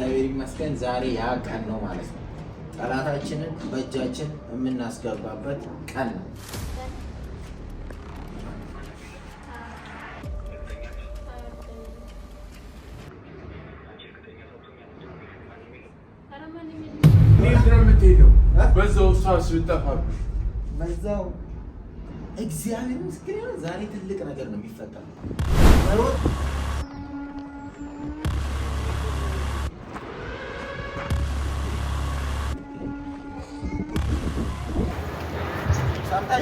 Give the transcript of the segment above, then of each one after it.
እግዚአብሔር ይመስገን ዛሬ ያ ቀን ነው ማለት ነው። ጠላታችንን በእጃችን የምናስገባበት ቀን ነው። በዛው እግዚአብሔር ምስክር ዛሬ ትልቅ ነገር ነው የሚፈጠረው።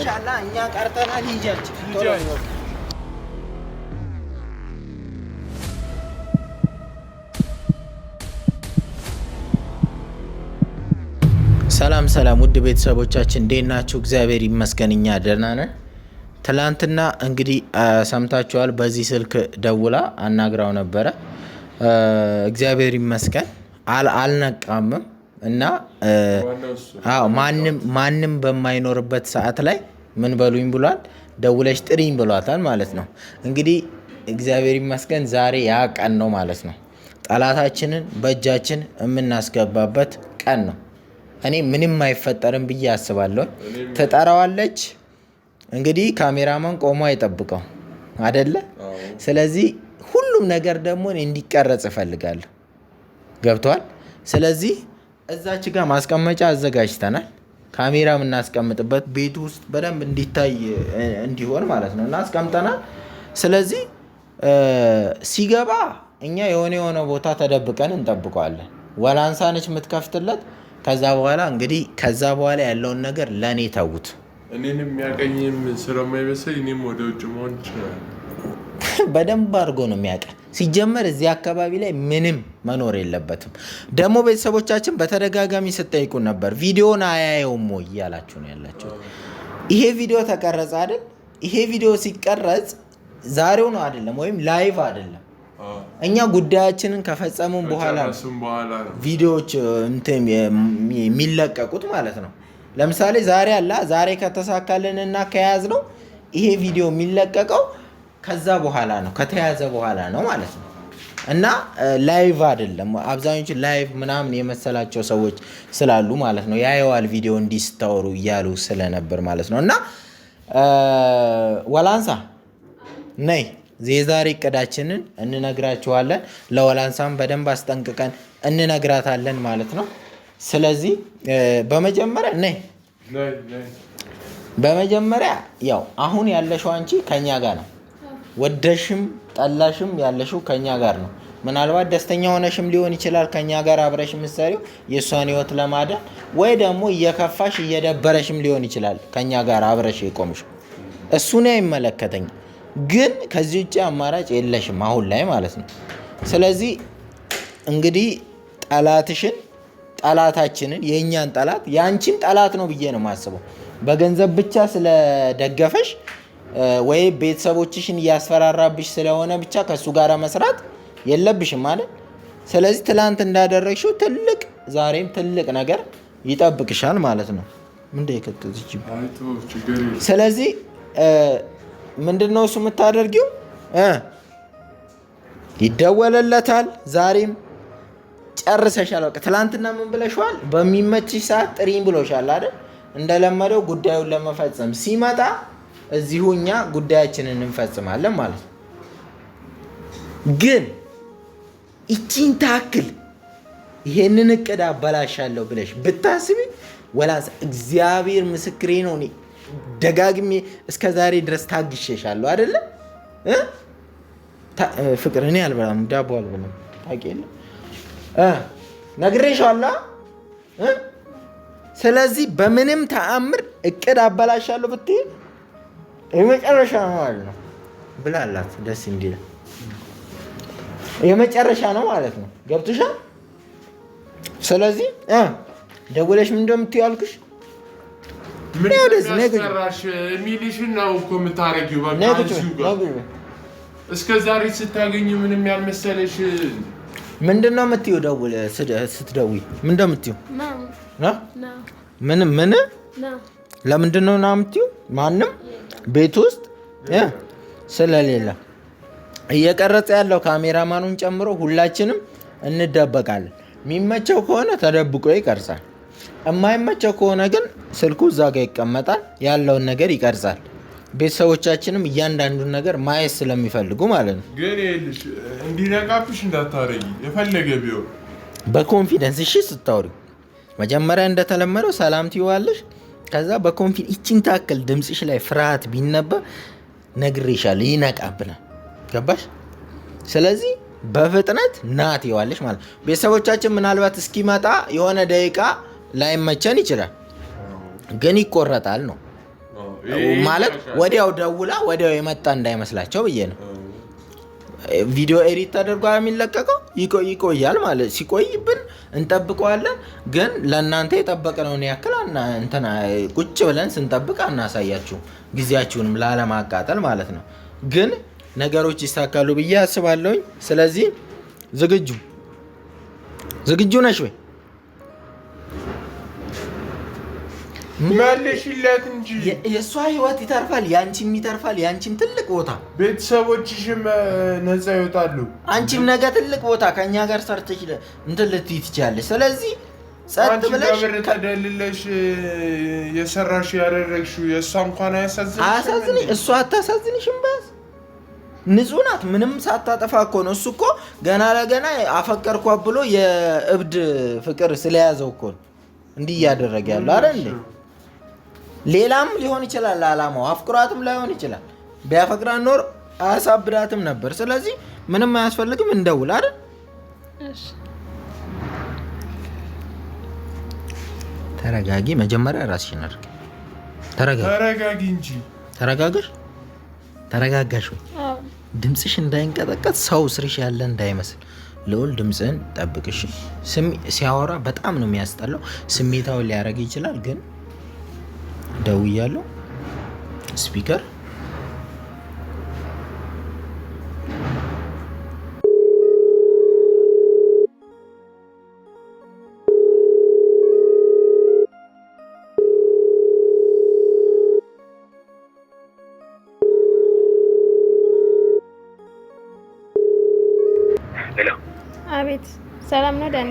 ማሻላ እኛ ቀርተናል። ሂጃችን ሰላም ሰላም፣ ውድ ቤተሰቦቻችን እንዴት ናችሁ? እግዚአብሔር ይመስገን እኛ ደህና ነን። ትላንትና እንግዲህ ሰምታችኋል። በዚህ ስልክ ደውላ አናግራው ነበረ። እግዚአብሔር ይመስገን አልነቃምም እና ማንም በማይኖርበት ሰዓት ላይ ምን በሉኝ ብሏል፣ ደውለሽ ጥሪኝ ብሏታል ማለት ነው። እንግዲህ እግዚአብሔር ይመስገን ዛሬ ያ ቀን ነው ማለት ነው። ጠላታችንን በእጃችን የምናስገባበት ቀን ነው። እኔ ምንም አይፈጠርም ብዬ አስባለሁ። ትጠራዋለች እንግዲህ ካሜራማን ቆሞ አይጠብቀው አደለ? ስለዚህ ሁሉም ነገር ደግሞ እንዲቀረጽ እፈልጋለሁ። ገብቷል? ስለዚህ እዛች ጋር ማስቀመጫ አዘጋጅተናል። ካሜራ የምናስቀምጥበት ቤት ውስጥ በደንብ እንዲታይ እንዲሆን ማለት ነው እና አስቀምጠናል። ስለዚህ ሲገባ እኛ የሆነ የሆነ ቦታ ተደብቀን እንጠብቀዋለን። ወላንሳ ነች የምትከፍትለት። ከዛ በኋላ እንግዲህ ከዛ በኋላ ያለውን ነገር ለእኔ ተዉት። እኔን የሚያቀኝም ስለማይመስል እኔም ወደ ውጭ መሆን ይችላል። በደንብ አድርጎ ነው የሚያቀን ሲጀመር እዚህ አካባቢ ላይ ምንም መኖር የለበትም። ደግሞ ቤተሰቦቻችን በተደጋጋሚ ስጠይቁ ነበር ቪዲዮን አያየውም ወይ እያላችሁ ነው ያላቸው። ይሄ ቪዲዮ ተቀረጸ አይደል? ይሄ ቪዲዮ ሲቀረጽ ዛሬው ነው አይደለም፣ ወይም ላይቭ አይደለም። እኛ ጉዳያችንን ከፈጸሙን በኋላ ቪዲዮዎች የሚለቀቁት ማለት ነው። ለምሳሌ ዛሬ አላ ዛሬ ከተሳካልን እና ከያዝ ነው ይሄ ቪዲዮ የሚለቀቀው ከዛ በኋላ ነው ከተያዘ በኋላ ነው ማለት ነው። እና ላይቭ አይደለም። አብዛኞቹ ላይቭ ምናምን የመሰላቸው ሰዎች ስላሉ ማለት ነው ያየዋል ቪዲዮ እንዲስታወሩ እያሉ ስለነበር ማለት ነው። እና ወላንሳ ነይ የዛሬ እቅዳችንን እንነግራችኋለን። ለወላንሳም በደንብ አስጠንቅቀን እንነግራታለን ማለት ነው። ስለዚህ በመጀመሪያ ነይ በመጀመሪያ ያው አሁን ያለሽው አንቺ ከኛ ጋር ነው ወደሽም ጠላሽም ያለሽው ከኛ ጋር ነው። ምናልባት ደስተኛ ሆነሽም ሊሆን ይችላል ከኛ ጋር አብረሽ የምትሰሪው የእሷን ህይወት ለማዳን ወይ ደግሞ እየከፋሽ እየደበረሽም ሊሆን ይችላል ከኛ ጋር አብረሽ የቆምሽ። እሱን አይመለከተኝ፣ ግን ከዚህ ውጭ አማራጭ የለሽም አሁን ላይ ማለት ነው። ስለዚህ እንግዲህ ጠላትሽን ጠላታችንን የእኛን ጠላት የአንቺም ጠላት ነው ብዬ ነው የማስበው። በገንዘብ ብቻ ስለደገፈሽ ወይ ቤተሰቦችሽን እያስፈራራብሽ ስለሆነ ብቻ ከእሱ ጋር መስራት የለብሽም ማለት። ስለዚህ ትላንት እንዳደረግሽው ትልቅ ዛሬም ትልቅ ነገር ይጠብቅሻል ማለት ነው። ምንድ ስለዚህ ምንድነው እሱ የምታደርጊው? ይደወለለታል። ዛሬም ጨርሰሻል። በቃ ትላንትና ምን ብለሽዋል? በሚመችሽ ሰዓት ጥሪኝ ብሎሻል አይደል? እንደለመደው ጉዳዩን ለመፈጸም ሲመጣ እዚሁ እኛ ጉዳያችንን እንፈጽማለን ማለት ነው። ግን ይቺን ታክል ይሄንን እቅድ አበላሻለሁ ብለሽ ብታስቢ ወላንስ እግዚአብሔር ምስክሬ ነው። እኔ ደጋግሜ እስከ ዛሬ ድረስ ታግሼሻለሁ አይደለ ፍቅር? እኔ አልበላም ዳቦ አልበላም። ታውቂያለሽ፣ ነግሬሻለሁ። ስለዚህ በምንም ተአምር እቅድ አበላሻለሁ ብትሄድ የመጨረሻ ነው ማለት ነው ብላላት ደስ እንዲል የመጨረሻ ነው ማለት ነው። ገብቶሻል። ስለዚህ ደውለሽ ምን እንደምትይው ያልኩሽ ሚሊሽን ነው እኮ የምታረጊው። እስከ ዛሬ ስታገኝ ምንም ያልመሰለሽ ምንድን ነው የምትይው? ደውል ስትደውይ ምን እንደምትይው ምን ምን ለምንድን ነው ና የምትይው ማንም ቤት ውስጥ ስለሌለ እየቀረጸ ያለው ካሜራማኑን ጨምሮ ሁላችንም እንደበቃለን። የሚመቸው ከሆነ ተደብቆ ይቀርጻል። የማይመቸው ከሆነ ግን ስልኩ እዛ ጋ ይቀመጣል፣ ያለውን ነገር ይቀርጻል። ቤተሰቦቻችንም እያንዳንዱን ነገር ማየት ስለሚፈልጉ ማለት ነው። ግን ይኸውልሽ እንዲነቃብሽ እንዳታረጊ የፈለገ ቢሆን በኮንፊደንስ እሺ። ስታወሪ መጀመሪያ እንደተለመደው ሰላም ትይዋለሽ። ከዛ በኮንፊድ ይችን ታክል ድምፅሽ ላይ ፍርሃት ቢነበብ ነግሬሻለሁ፣ ይነቃብናል። ገባሽ? ስለዚህ በፍጥነት ናት ይዋለሽ ማለት ቤተሰቦቻችን ምናልባት እስኪመጣ የሆነ ደቂቃ ላይመቸን ይችላል፣ ግን ይቆረጣል ነው ማለት ወዲያው ደውላ ወዲያው የመጣ እንዳይመስላቸው ብዬ ነው። ቪዲዮ ኤዲት ተደርጓ የሚለቀቀው ይቆያል ማለት ሲቆይብን እንጠብቀዋለን። ግን ለእናንተ የጠበቅነውን ያክል እንትና ቁጭ ብለን ስንጠብቅ አናሳያችሁም፣ ጊዜያችሁንም ላለማቃጠል ማለት ነው። ግን ነገሮች ይሳካሉ ብዬ አስባለሁኝ። ስለዚህ ዝግጁ ዝግጁ ነሽ ወይ? መልሽለት እንጂ የእሷ ህይወት ይተርፋል፣ ያንቺም ይተርፋል። ያንቺም ትልቅ ቦታ ቤተሰቦችሽም ነፃ ይወጣሉ። አንቺም ነገ ትልቅ ቦታ ከእኛ ጋር ሰርተሽ እንትን ልትይ ትችያለሽ። ስለዚህ ጸጥ ብለሽ ተደልለሽ የሰራሽ ያደረግሽው የእሷ እንኳን አያሳዝን አያሳዝንሽ እሷ አታሳዝንሽም። በስ ንጹህ ናት። ምንም ሳታጠፋ እኮ ነው። እሱ እኮ ገና ለገና አፈቀርኳ ብሎ የእብድ ፍቅር ስለያዘው እኮ እንዲህ እያደረገ ያለው አለ እንዴ ሌላም ሊሆን ይችላል አላማው፣ አፍቅሯትም ላይሆን ይችላል። ቢያፈቅራት ኖር አያሳብዳትም ነበር። ስለዚህ ምንም አያስፈልግም። እንደውል አይደል? ተረጋጊ። መጀመሪያ ራስሽን አድርጊ። ተረጋጊ እንጂ ተረጋጋሽ ወይ ድምፅሽ እንዳይንቀጠቀጥ ሰው ስርሽ ያለ እንዳይመስል ልዑል ድምፅህን ጠብቅሽ። ሲያወራ በጣም ነው የሚያስጠላው። ስሜታዊ ሊያደርግ ይችላል ግን ደውያለሁ። ስፒከር አቤት፣ ሰላም ነው ዳኒ?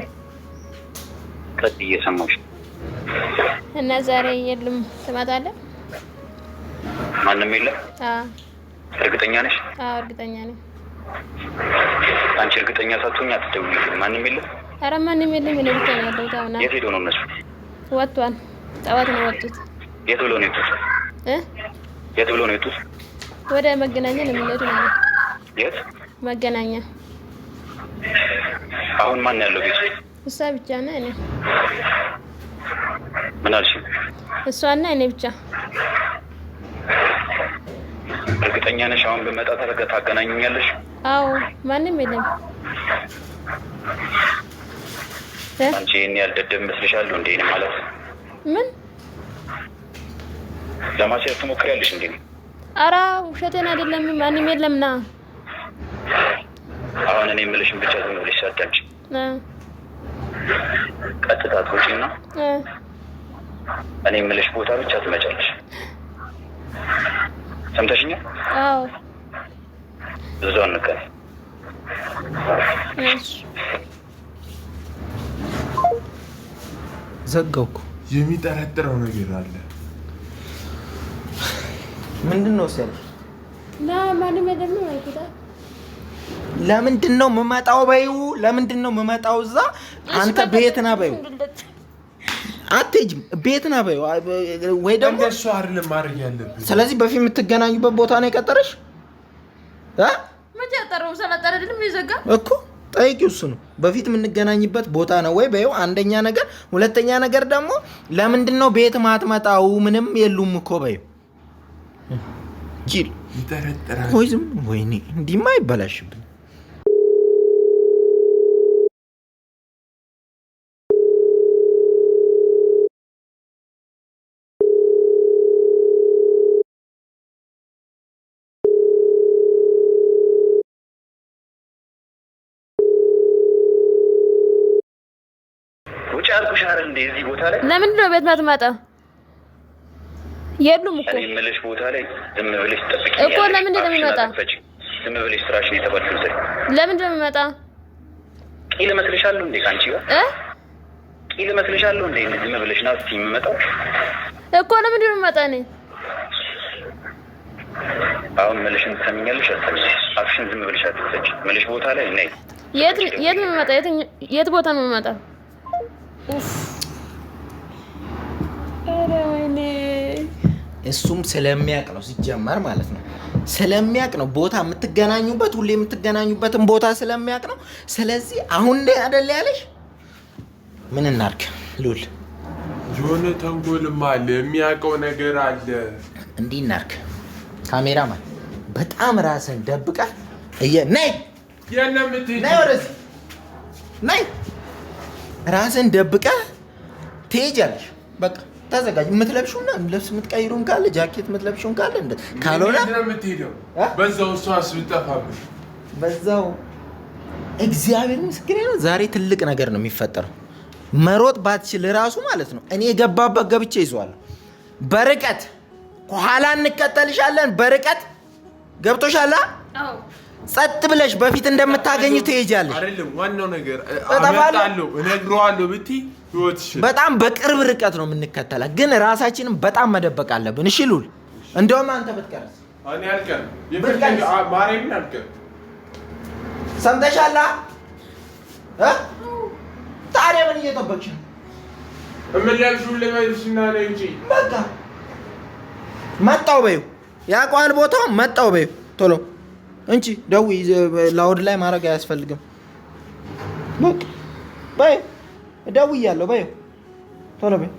ቀጥዬ ሰማሽ እና ዛሬ የለም። ትመጣለህ? ማንም የለም። እርግጠኛ ነሽ? እርግጠኛ ነኝ። አንቺ እርግጠኛ ሳትሆኝ አትደውይልኝ። ማንም የለም። ኧረ ማንም የለም። እኔ ብቻ ነው ያለሁት። አሁን የት ሄደው ነው እነሱ? ወጥቷል። ጠዋት ነው ወጡት። የት ብሎ ነው የጡት? የት ብሎ ነው የጡት? ወደ መገናኛ ነው የሚሄዱ ማለት። የት መገናኛ? አሁን ማን ያለው ቤት? እሷ ብቻ ነው እኔ ምን አልሽ? እሷና እኔ ብቻ። እርግጠኛ ነሽ? አሁን በመጣ ተረገ ታገናኙኛለሽ? አዎ፣ ማንም የለም። አንቺ ይህን ያልደደብ መስልሻለሁ እንዴ? ማለት ምን ለማስያዝ ትሞክሪያለሽ እንዴ? አራ ውሸቴን አይደለም፣ ማንም የለም። ና አሁን እኔ የምልሽን ብቻ ዝም ብለሽ ሳዳምጪ ቀጥታ ትውጪና እኔ የምልሽ ቦታ ብቻ ትመጫለሽ። ሰምተሽኛል? አዎ። እዛው እንቀር። ዘጋው። የሚጠረጥረው ነገር አለ። ምንድን ነው ሰል ለምንድን ነው የምመጣው? በይው፣ ለምንድን ነው የምመጣው? እዛ አንተ ቤት ና በይው አትሄጂም ቤት ና በይው፣ ወይ ደግሞ እንደሱ አይደለም ማድረግ ያለብን። ስለዚህ በፊት የምትገናኙበት ቦታ ነው የቀጠረሽ እኮ ጠይቂ። እሱ ነው በፊት የምንገናኝበት ቦታ ነው ወይ በይው። አንደኛ ነገር፣ ሁለተኛ ነገር ደግሞ ለምንድን ነው ቤት ማትመጣው? ምንም የሉም እኮ በይው። ጅል ይጠረጠራል። ወይም ወይኔ እንዲህማ ይበላሽብን ለምንድን ነው ቤት ማትመጣው? የሉም እኮ እኔ የምልሽ ቦታ ላይ ዝም ብለሽ እኮ። ለምንድን ነው የሚመጣው? ዝም ብለሽ ስራሽን የተባልሽው ዘይ ለምንድን ነው የሚመጣው? ቂል እመስልሻለሁ እንዴ ከአንቺ ጋር እ ቂል እመስልሻለሁ እንዴ? ዝም ብለሽ ና እስኪ የሚመጣው እኮ ለምንድን ነው የሚመጣው? እኔ አሁን መልሽን ትሰሚኛለሽ አትሰሚኝ? አፍሽን ዝም ብለሽ አትፈጭ። መልሽ ቦታ ላይ ነይ። የት የት ነው የሚመጣ የት ቦታ ነው የሚመጣው? ኡፍ እሱም ስለሚያቅ ነው ሲጀመር ማለት ነው። ስለሚያቅ ነው ቦታ የምትገናኙበት ሁሌ የምትገናኙበትን ቦታ ስለሚያቅ ነው። ስለዚህ አሁን ላይ አደለ ያለሽ ምን እናርግ ሉል የሆነ ተንኮልም አለ የሚያውቀው ነገር አለ። እንዲህ እናርግ ካሜራማን፣ በጣም ራስን ደብቃ እየ ነይ ነይ ራስን ደብቃ ትሄጃለሽ በቃ ተዘጋጅ። የምትለብሽው እና ልብስ የምትቀይሩን ካለ ጃኬት የምትለብሽውን ካለ እንደ ካልሆነ በዛው እሷ ስጠፋብሽ በዛው እግዚአብሔር ምስክር ነው። ዛሬ ትልቅ ነገር ነው የሚፈጠረው። መሮጥ ባትችል ራሱ ማለት ነው እኔ የገባበት ገብቼ ይዘዋለሁ። በርቀት ከኋላ እንቀጠልሻለን። በርቀት ገብቶሻላ። ጸጥ ብለሽ በፊት እንደምታገኙ ትሄጃለሽ። አይደለም ዋናው ነገር እጠፋለሁ፣ እነግረዋለሁ ብትይ በጣም በቅርብ ርቀት ነው የምንከተላት፣ ግን ራሳችንን በጣም መደበቅ አለብን። እሺ ሉል፣ እንደውም አንተ ብትቀርስ ሰምተሻላ? ታዲያ ምን እየጠበቅሽ ነው? መጣው በይው፣ ያውቀዋል ቦታው። መጣው በይው ቶሎ እንጂ ደዊ ላውድ ላይ ማድረግ አያስፈልግም። በቃ በይ እደውያለሁ። በይው ቶሎ በይ።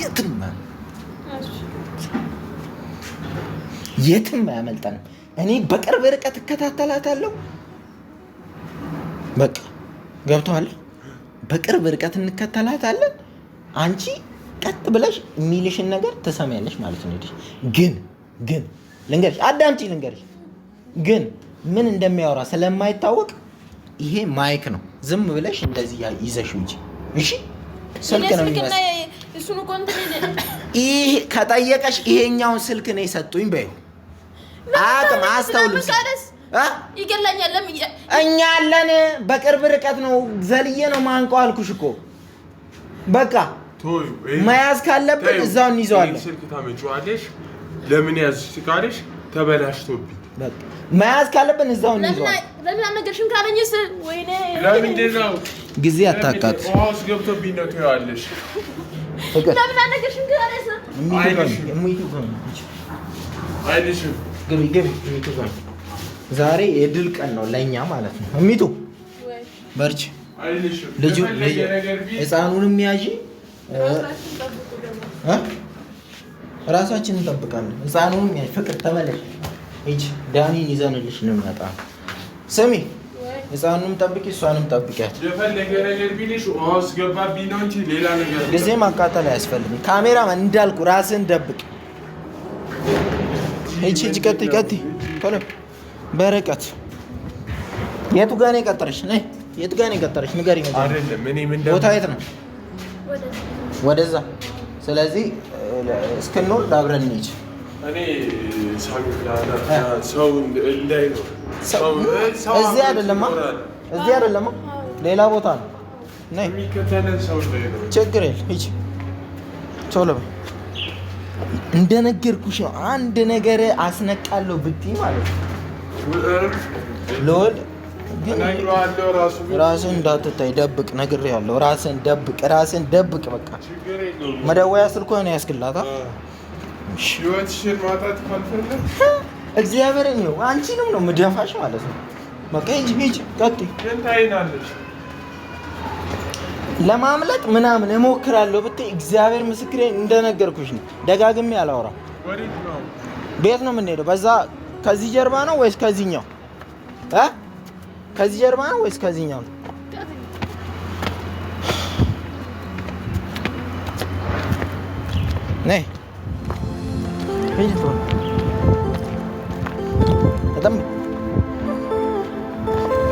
የትም የትም አያመልጠንም። እኔ በቅርብ ርቀት እከታተላታለሁ። በቃ ገብቶሃል። በቅርብ ርቀት እንከተላታለን አንቺ ቀጥ ብለሽ የሚልሽን ነገር ትሰሚያለሽ ማለት ነው። ግን ግን ልንገርሽ፣ አዳምጪ፣ ልንገርሽ ግን ምን እንደሚያወራ ስለማይታወቅ ይሄ ማይክ ነው። ዝም ብለሽ እንደዚህ ይዘሽ እንጂ እሺ፣ ስልክ ነው ይህ ከጠየቀሽ ይሄኛውን ስልክ ነው የሰጡኝ በይ። አቅም አስተውልም ይገላኛል። እኛ አለን። በቅርብ ርቀት ነው ዘልዬ ነው ማንቀው አልኩሽ እኮ በቃ መያዝ ካለብን እዛው እንይዘዋለን። ስልክ ታመጪዋለሽ። ለምን ያዝ ሲካለሽ ተበላሽቶብኝ መያዝ ካለብን እዛው እንይዘዋለን። ጊዜ አታቃጥል። ውሃ ገብቶብኝ ነው ትይዋለሽ። ዛሬ የድል ቀን ነው ለእኛ ማለት ነው። እሚቱ በርች ልጁ ህፃኑንም ያዢ ራሳችን እንጠብቃለን። ህፃኑም ፍቅር ተመለሽ ሂጅ፣ ዳኒን ይዘንልሽ እንመጣ። ስሚ ህፃኑም ጠብቂ፣ እሷንም ጠብቂያት። ጊዜ ማቃጠል አያስፈልግም። ካሜራ እንዳልኩ ራስን ደብቅ። ሂጅ ሂጅ፣ ቀጥይ ቀጥይ፣ ቶሎ በርቀት። የቱ ጋር ነው የቀጠረሽ? የቱ ጋር ነው የቀጠረሽ? ንገሪኝ። ቦታ የት ነው? ወደዛ። ስለዚህ እስክንወርድ አብረን እንሂድ። እዚህ አይደለማ፣ እዚህ አይደለማ፣ ሌላ ቦታ ነው። ችግር የለም ቶሎ በይ። እንደነገርኩሽ ነው። አንድ ነገር አስነቃለሁ ብትይ ማለት ነው ልወል ራስን እንዳትታይ ደብቅ፣ ነግሬሃለሁ። ራስን ደብቅ፣ ራስን ደብቅ። በቃ መደወያ ስልኮ ነው ያስክላታ። እግዚአብሔርን ነው አንቺንም ነው ምደፋሽ ማለት ነው። በቃ ሂጂ ሂጂ፣ ቀጥይ። ለማምለጥ ምናምን እሞክራለሁ ብትይ እግዚአብሔር ምስክሬ እንደነገርኩሽ ነው። ደጋግሜ አላወራ። ቤት ነው የምንሄደው። በዛ ከዚህ ጀርባ ነው ወይስ ከዚህኛው? ከዚህ ጀርባ ነው ወይስ ከዚህኛው? ነይ በጣም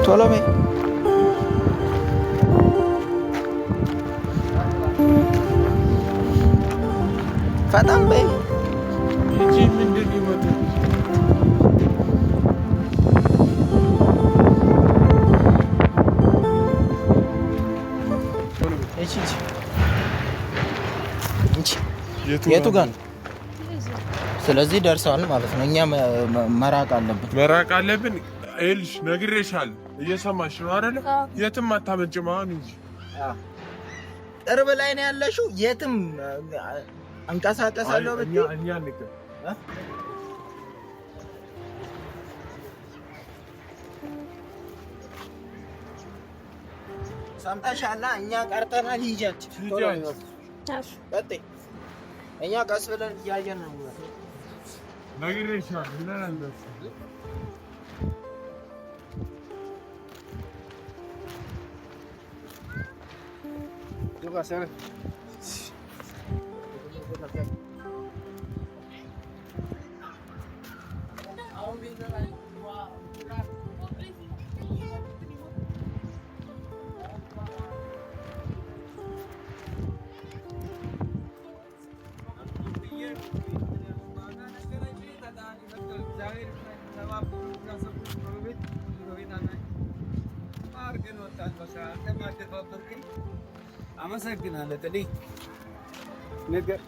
ቶሎ በይ። ፈጣን በይ። የቱ የቱ ጋር ነው? ስለዚህ ደርሰዋል ማለት ነው። እኛ መራቅ አለብን፣ መራቅ አለብን። ይኸውልሽ ነግሬሻል። እየሰማሽ ነው አይደለ? የትም አታመጭም። አሁን እንጂ ቅርብ ላይ ነው ያለሽው። የትም አንቀሳቀሳለሁ ብትይ እኛ ሰምተሻላ። እኛ ቀርተናል። ሂጃች እኛ ቀስ ብለን እያየን ነው። አሁን አመሰግናለሁ። ጥልይ ነገር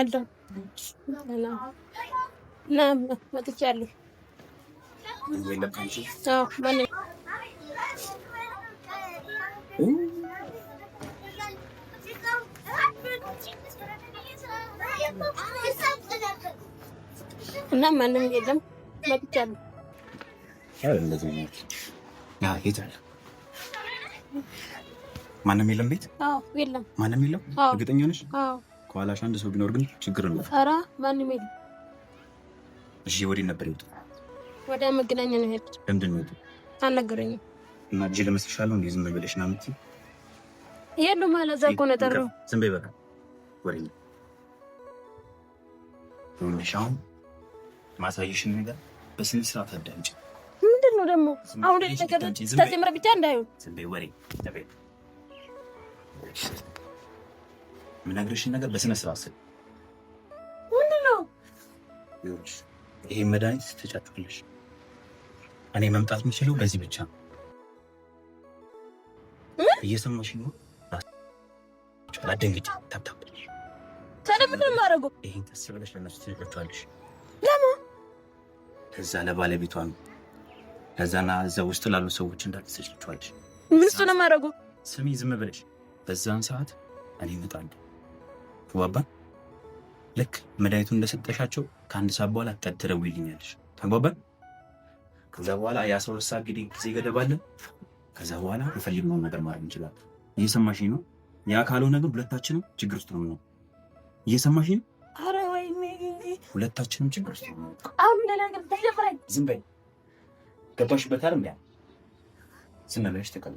አለሁ እና እና ማንም የለም መጥቻለሁ። ማንም የለም ቤት? አዎ የለም። ማንም የለም? እርግጠኛ ነሽ? አዎ ከኋላሽ አንድ ሰው ቢኖር ግን ችግር ነው። ኧረ ማንም የለም። እሺ፣ ወዴት ነበር የወጡት? ወደ መገናኛ ነው የሄድኩት። ለምንድን ነው የወጡት? አልነገረኝም። እና እጅ ለመስልሻለሁ እንዴ? ዝም ብለሽ ና ምት የሉም አለ። እኮ ነው የጠራው። ዝም በይ በቃ። ወሬ ይኸውልሽ፣ አሁን ማሳየሽን ነገር በስነ ስርዓት አዳምጪ። ምንድን ነው ደግሞ አሁን ተጀምረ ብቻ እንዳይሆን ዝም በይ ወሬ የምነግርሽን ነገር በስነ ስርዓት ስል ምንድን ነው ይህ መድኃኒት ስትጨጥፍልሽ እኔ መምጣት የምችለው በዚህ ብቻ ነው። እየሰማሽ ነው? አትደንግጪ። ታብታብ ምንድን የማደርገው? ይህን ቀስ ብለሽ ለእነሱ ትልቀቸዋለሽ። ለማን? ለዛ ለባለቤቷ ነው። ለዛና እዛ ውስጥ ላሉ ሰዎች እንዳለ ትልቀቸዋለሽ። ምን እሱ ነው ማድረጉ? ስሚ፣ ዝም ብለሽ በዛን ሰዓት እኔ እመጣለሁ። ተግባባን። ልክ መድኃኒቱን እንደሰጠሻቸው ከአንድ ሰዓት በኋላ ቀጥ ትደውይልኛለሽ። ተግባባን። ከዛ በኋላ የአስራ ሁለት ሰዓት እንግዲህ ጊዜ ገደብ ከዛ በኋላ የፈልግነውን ነገር ማድረግ እንችላለን። እየሰማሽኝ ነው? ያ ካልሆነ ግን ሁለታችንም ችግር ውስጥ ነው ነው። እየሰማሽኝ ነው? ሁለታችንም ችግር ውስጥ ነው። ዝም በይ። ገባሽበት አይደል? ያ ዝም ብለሽ ተቀበል።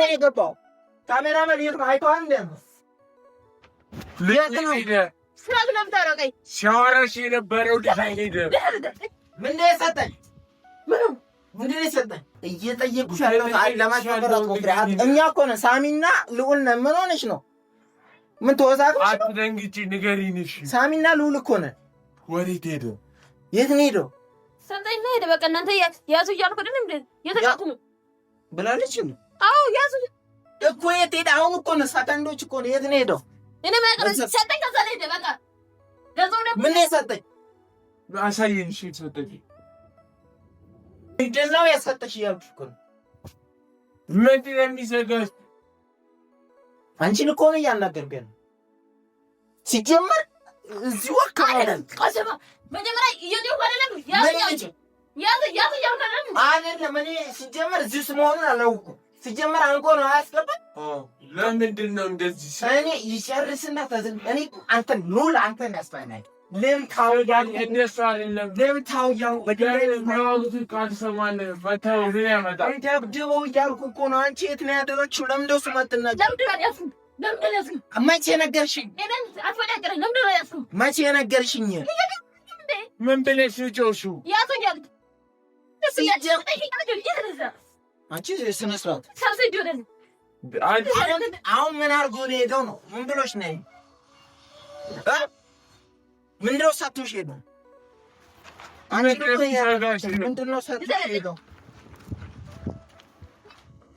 ነው የገባው። ካሜራማን የት ነው? አይተኸዋል እንዴ? የት ነው ሲያወራሽ የነበረው? ምንድን ነው የሰጠኝ? እኛ እኮ ሳሚና ልዑል ነን። ምን ሆነሽ ነው? ምን አትደንግጪ፣ ንገሪኝ። እሺ ሳሚና ልዑል እኮ ነን። ወዴት ሄደ? የት ነው ሄደው? ሄደ። በቃ እናንተ ያዙ እያልኩ ብላለች ነው አዎ ያዙ እኮ የት ሄደ? አሁን እኮ ነው ሰከንዶች እኮ ነው። የት ነው ሄደው? እኔ ማቀረስ ሰጠኝ። ከዛ ሄደ። በቃ ገዛው ነበር። ምን የሰጠኝ አሳየኝ። እሺ ሰጠኝ። ምንድን ነው ያሰጠሽ እያልኩሽ እኮ ነው። ምንድን ነው የሚዘጋሽ? አንቺን እኮ ነው እያናገርኩ ያለው። ሲጀመር እዚህ ወካ አይደል? መጀመሪያ እየደው አይደለም ያዝ ያዝ ያዝ ያዝ አይደለም። እኔ ሲጀመር እዚህ መሆኑን አላውቅም ሲጀመር አንቆ ነው አያስገባል። ለምንድን ነው እንደዚህ? እኔ ይጨርስና ተዝም እኔ አንተን ኑል አንተን ያስፋናል ለምን ታወጃለህ? እንደሱ አይደለም። ለምን ታወጃው? በደምብ ካልሰማን መተው ምን ያመጣል? ደብድበው እያልኩ እኮ ነው። አንቺ የት ነው ያደረግሽው? ለምን ደሱ መጥና መቼ ነገርሽኝ? መቼ ነገርሽኝ? ምን ብለሽ ጮሽው? አንቺ ስነ ስርዓት አሁን ምን አድርጎ ሄደው ነው? ምን ብሎሽ ነይ? ምንድነው ሳትሽ ሄደው?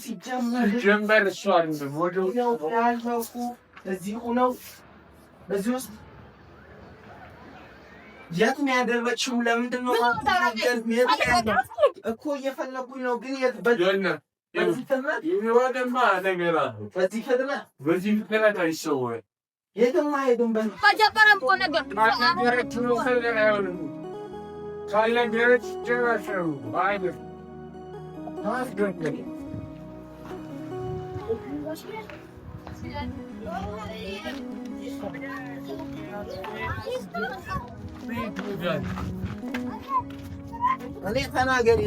ሲጀመር እሱ እዚሁ ነው ውስጥ የት ነው ያደረግሽው? ለምንድን እኮ እየፈለጉኝ ነው ግን በዚህ ፈጥና በዚህ ፍጥነት አይሰወ የትም አይሄድም። ከጀበረም እኮ ነገር ካለገረች ጭራሽ አይደል ታስገደል Thank you. እኔ ተናገሪ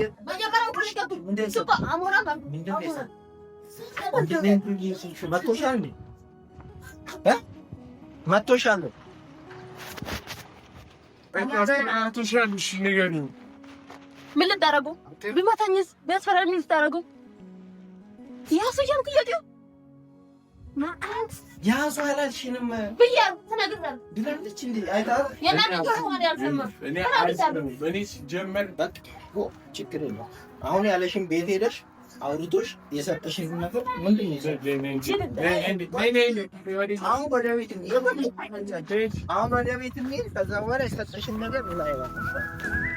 መቶሻል ምን ልታረጉ? ቢመታኝስ ቢያስፈራኝ ምን ያሱ እያልኩ እያጤው Ya Zahra şimdi mi? Biliyorum sana kızım. Bilmem de şimdi. Ayda. Ya ben de çok oynuyorum sana. Beni ayrısın. Beni cemmel. Bak bu çıkırın. Ahun yerleşim belirler. Avrudur. Yasaklaşın bunlar. Bunun da neyse. Ne ne ne ne. Ağın böyle bitim. Ağın böyle bitim değil. Kazan var yasaklaşın ne de bunlar.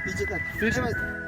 Bizi de. Bizi